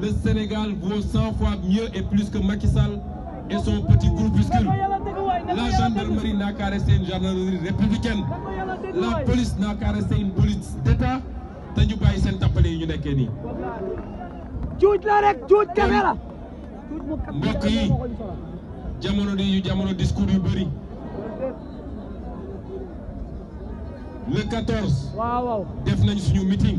le Sénégal vaut 100 fois mieux et plus que Macky Sall et son petit groupuscule. La gendarmerie n'a caressé une gendarmerie républicaine. La police n'a caressé une police d'État. te ne bàyyi pas ñu nekkee le 14. waaw waaw meeting.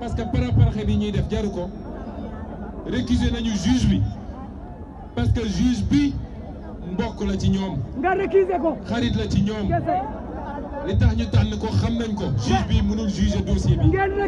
parce que par rapport bi ñuy def jaru ko récuser le juge parce que juge bi mbokk la le juge. nga le ko. xarit la ci le li tax ñu juge